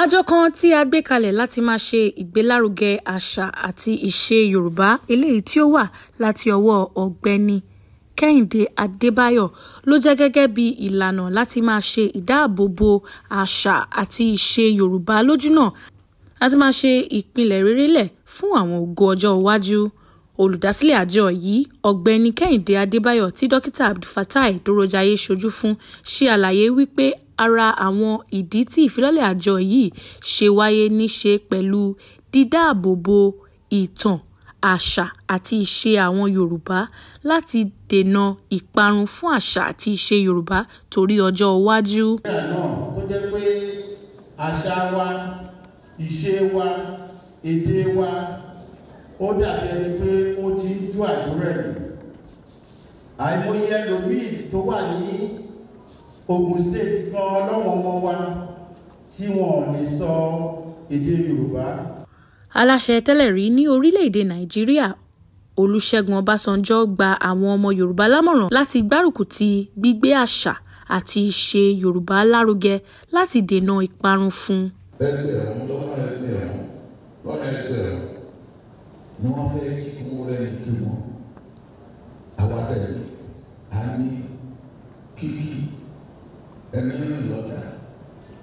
Àjọ kan tí a gbé kalẹ̀ láti máa ṣe ìgbélárugẹ àṣà àti ìṣe Yorùbá eléyìí tí ó wá láti ọwọ́ Ọ̀gbẹ́ni Kẹ́hìndé Adébáyọ̀ ló jẹ́ gẹ́gẹ́ bí ìlànà láti máa ṣe ìdáàbòbò àṣà àti ìṣe Yorùbá lójúnà àti máa ṣe ìpìlẹ̀ rere lẹ̀ fún àwọn ògo ọjọ́ iwájú. Olùdásílẹ̀ àjọ yìí Ọ̀gbẹ́ni Kẹ́hìndé Adébáyọ̀ tí Dókítà Abdulfatai Dórójayé ṣojú fún ṣe àlàyé wípé ara àwọn ìdí tí ìfilọ́lẹ̀ àjọ yìí ṣe wáyé ní í ṣe pẹ̀lú dídáàbò bo ìtàn, àṣà àti ìṣe àwọn Yorùbá láti dènà ìparun fún àṣà àti ìṣe Yorùbá torí ọjọ́ iwájú. Nàìjíríà náà tó jẹ́ pé àṣà wa, ìṣe wa, èdè wa ó dàbí ẹni pé ó ti ń ju àdúrà yìí. Àìmọye ẹlòmíì tó wà ní Ogun State kan ọlọ́wọ́n ọmọ wa tí wọn ò lè sọ èdè Yorùbá. Aláṣẹ tẹ́lẹ̀ rí ní orílẹ̀-èdè Nàìjíríà Olúṣẹ́gun Ọbásanjọ́ gba àwọn ọmọ Yorùbá lámọ̀ràn láti gbárùkù ti gbígbé àṣà àti ìṣe Yorùbá lárugẹ láti dènà ìparun fún. ẹgbẹ̀rún lọ́nà ẹgbẹ̀rún lọ́nà ẹgbẹ̀rún ni wọ́n fẹ́ kí wọ́n rẹ̀ kí wọ́n àwa tẹ̀lé náà lọ́dà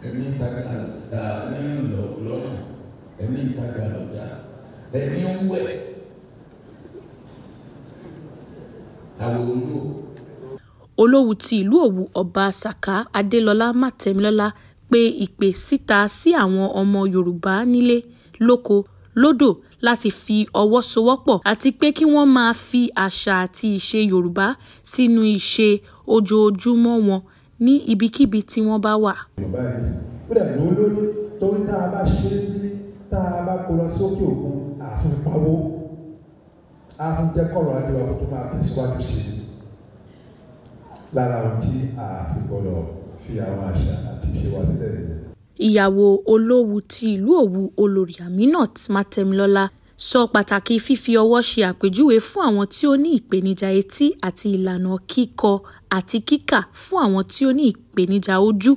ẹ̀mí ń tajà lọ́dà ẹ̀mí ń lọ lọ́nà ẹ̀mí ń tajà lọ́dà ẹ̀mí ń wẹ̀ àwọn olú. olówù ti ìlú Òwu ọba Saka Adélọlá Mátẹmílọ́lá pé ìpè síta sí àwọn ọmọ Yorùbá nílé lóko lódò láti fi ọwọ́ sowọ́pọ̀ àti pé kí wọ́n máa fi àṣà àti ìṣe Yorùbá sínú ìṣe ojoojúmọ́ wọn ní ibikíbi tí wọ́n bá wà. ó dàbí ló lórí torí tá a bá ṣe bí tá a bá kó lọ sókè òkun àtún pawó adéwà tó máa tẹ̀síwájú sí i lára ohun tí ààfin fi àwọn àṣà àti ìṣe wa sílẹ̀ nìyẹn ìyàwó olówù ti ìlú Òwu olórí Aminat Matemlọ́lá sọ pàtàkì fífi ọwọ́ ṣe àpèjúwe fún àwọn tí ó ní ìpèníjà etí àti ìlànà kíkọ àti kíkà fún àwọn tí ó ní ìpèníjà ojú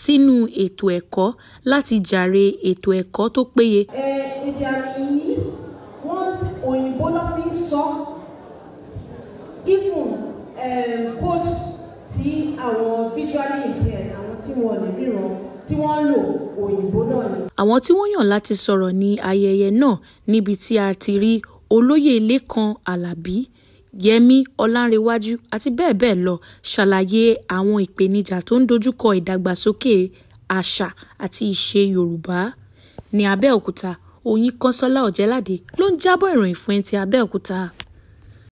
sínú ètò ẹ̀kọ́ láti jàre ètò ẹ̀kọ́ tó péye. ẹja yìí wọ́n òyìnbó ló fi ń sọ even coach eh, tí àwọn visually impaired àwọn tí wọ́n lè ríran tí wọ́n òyìnbó náà ni. àwọn tí wọ́n yàn láti sọ̀rọ̀ ní ayẹyẹ náà níbi tí a ti rí olóyè lẹ́kan alábí yẹmí ọlárẹwájú àti bẹ́ẹ̀ bẹ́ẹ̀ lọ ṣàlàyé àwọn ìpèníjà tó ń dojúkọ ìdàgbàsókè àṣà àti ìṣe yorùbá ní abẹ́òkúta oyin kọ́sọ́lá ọ̀jẹ́ládé ló ń jábọ̀ ìròyìn fún ẹ ti abẹ́òkúta.